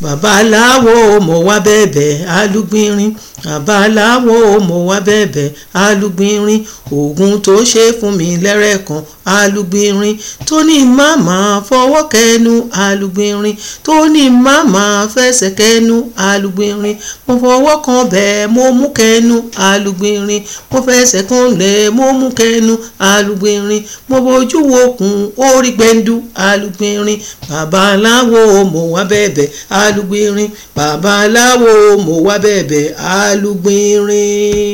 bàbá aláwo mo wá bẹ̀bẹ̀ alúgbìnrin bàbá aláwo mo wá bẹ̀bẹ̀ alúgbìnrin oògùn tó ṣe fún mi lẹ́rẹ̀kan alúgbìnrin tó ní màmá fọwọ́ kẹnu alúgbìnrin tó ní màmá fẹsẹ̀ kẹnu alúgbìnrin mo fọwọ́ kan bẹ́ẹ̀ mo mú kẹnu alúgbìnrin mo fẹsẹ̀ kan lẹ̀ mo mú kẹnu alúgbìnrin mo bójú wo kùn orí gbẹ̀ndu alúgbìnrin bàbá aláwo mo wá bẹ̀bẹ̀ alúgbìnrin alùgbìnrin babaláwo mo wá bẹ̀bẹ̀ alùgbìnrin.